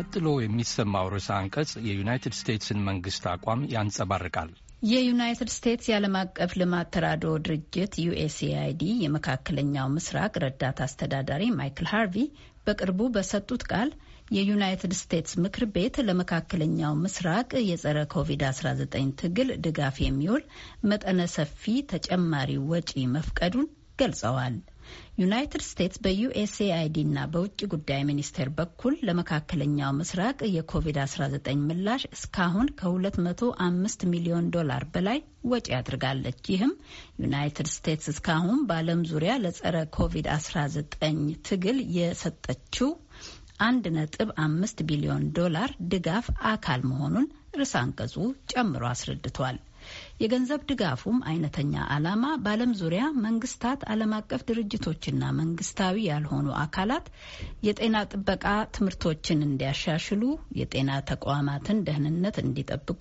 ቀጥሎ የሚሰማው ርዕሰ አንቀጽ የዩናይትድ ስቴትስን መንግስት አቋም ያንጸባርቃል። የዩናይትድ ስቴትስ የዓለም አቀፍ ልማት ተራድኦ ድርጅት ዩኤስኤአይዲ የመካከለኛው ምስራቅ ረዳት አስተዳዳሪ ማይክል ሃርቪ በቅርቡ በሰጡት ቃል የዩናይትድ ስቴትስ ምክር ቤት ለመካከለኛው ምስራቅ የጸረ ኮቪድ-19 ትግል ድጋፍ የሚውል መጠነ ሰፊ ተጨማሪ ወጪ መፍቀዱን ገልጸዋል። ዩናይትድ ስቴትስ በዩኤስኤአይዲ ና በውጭ ጉዳይ ሚኒስቴር በኩል ለመካከለኛው ምስራቅ የኮቪድ-19 ምላሽ እስካሁን ከ205 ሚሊዮን ዶላር በላይ ወጪ አድርጋለች። ይህም ዩናይትድ ስቴትስ እስካሁን በዓለም ዙሪያ ለጸረ ኮቪድ-19 ትግል የሰጠችው አንድ ነጥብ አምስት ቢሊዮን ዶላር ድጋፍ አካል መሆኑን ርዕሰ አንቀጹ ጨምሮ አስረድቷል። የገንዘብ ድጋፉም አይነተኛ ዓላማ በዓለም ዙሪያ መንግስታት፣ ዓለም አቀፍ ድርጅቶችና መንግስታዊ ያልሆኑ አካላት የጤና ጥበቃ ትምህርቶችን እንዲያሻሽሉ፣ የጤና ተቋማትን ደህንነት እንዲጠብቁ፣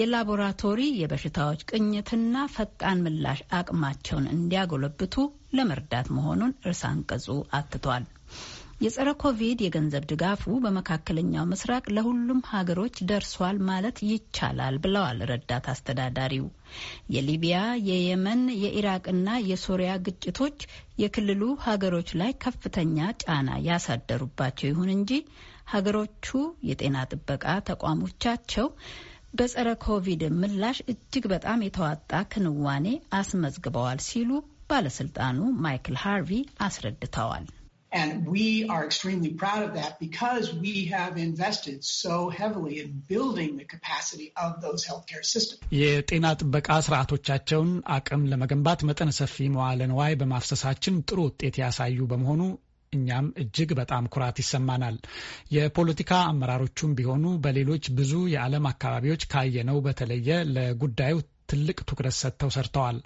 የላቦራቶሪ የበሽታዎች ቅኝትና ፈጣን ምላሽ አቅማቸውን እንዲያጎለብቱ ለመርዳት መሆኑን እርስ አንቀጹ አትቷል። የጸረ ኮቪድ የገንዘብ ድጋፉ በመካከለኛው ምስራቅ ለሁሉም ሀገሮች ደርሷል ማለት ይቻላል ብለዋል ረዳት አስተዳዳሪው። የሊቢያ፣ የየመን፣ የኢራቅና የሶሪያ ግጭቶች የክልሉ ሀገሮች ላይ ከፍተኛ ጫና ያሳደሩባቸው ይሁን እንጂ ሀገሮቹ የጤና ጥበቃ ተቋሞቻቸው በጸረ ኮቪድ ምላሽ እጅግ በጣም የተዋጣ ክንዋኔ አስመዝግበዋል ሲሉ ባለስልጣኑ ማይክል ሃርቪ አስረድተዋል። And we are extremely proud of that because we have invested so heavily in building the capacity of those healthcare systems. የጤና ጥበቃ ስርዓቶቻቸውን አቅም ለመገንባት መጠነ ሰፊ መዋለ ንዋይ በማፍሰሳችን ጥሩ ውጤት ያሳዩ በመሆኑ እኛም እጅግ በጣም ኩራት ይሰማናል። የፖለቲካ አመራሮቹም ቢሆኑ በሌሎች ብዙ የዓለም አካባቢዎች ካየነው በተለየ ለጉዳዩ ትልቅ ትኩረት ሰጥተው ሰርተዋል።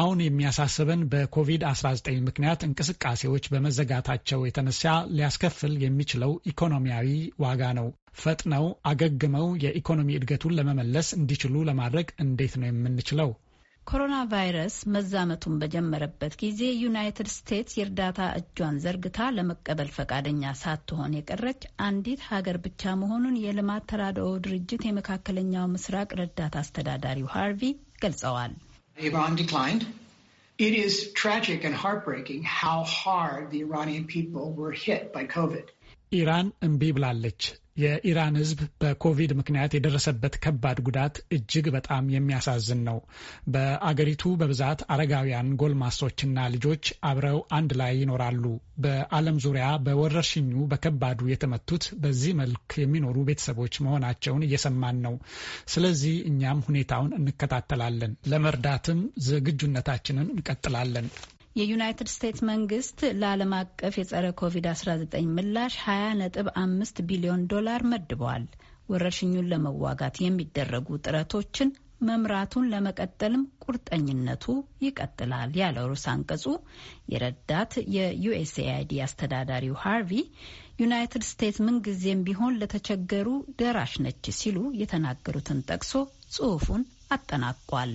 አሁን የሚያሳስበን በኮቪድ-19 ምክንያት እንቅስቃሴዎች በመዘጋታቸው የተነሳ ሊያስከፍል የሚችለው ኢኮኖሚያዊ ዋጋ ነው። ፈጥነው አገግመው የኢኮኖሚ እድገቱን ለመመለስ እንዲችሉ ለማድረግ እንዴት ነው የምንችለው? ኮሮና ቫይረስ መዛመቱን በጀመረበት ጊዜ ዩናይትድ ስቴትስ የእርዳታ እጇን ዘርግታ ለመቀበል ፈቃደኛ ሳትሆን የቀረች አንዲት ሀገር ብቻ መሆኑን የልማት ተራድኦ ድርጅት የመካከለኛው ምስራቅ ረዳት አስተዳዳሪው ሃርቪ ገልጸዋል። It is tragic and heartbreaking how hard the Iranian people were hit by COVID. ኢራን እምቢ ብላለች። የኢራን ሕዝብ በኮቪድ ምክንያት የደረሰበት ከባድ ጉዳት እጅግ በጣም የሚያሳዝን ነው። በአገሪቱ በብዛት አረጋውያን፣ ጎልማሶችና ልጆች አብረው አንድ ላይ ይኖራሉ። በዓለም ዙሪያ በወረርሽኙ በከባዱ የተመቱት በዚህ መልክ የሚኖሩ ቤተሰቦች መሆናቸውን እየሰማን ነው። ስለዚህ እኛም ሁኔታውን እንከታተላለን፣ ለመርዳትም ዝግጁነታችንን እንቀጥላለን። የዩናይትድ ስቴትስ መንግስት ለዓለም አቀፍ የጸረ ኮቪድ-19 ምላሽ 20.5 ቢሊዮን ዶላር መድበዋል። ወረርሽኙን ለመዋጋት የሚደረጉ ጥረቶችን መምራቱን ለመቀጠልም ቁርጠኝነቱ ይቀጥላል ያለ ሩስ አንቀጹ የረዳት የዩኤስኤአይዲ አስተዳዳሪው ሃርቪ ዩናይትድ ስቴትስ ምንጊዜም ቢሆን ለተቸገሩ ደራሽ ነች ሲሉ የተናገሩትን ጠቅሶ ጽሑፉን አጠናቋል።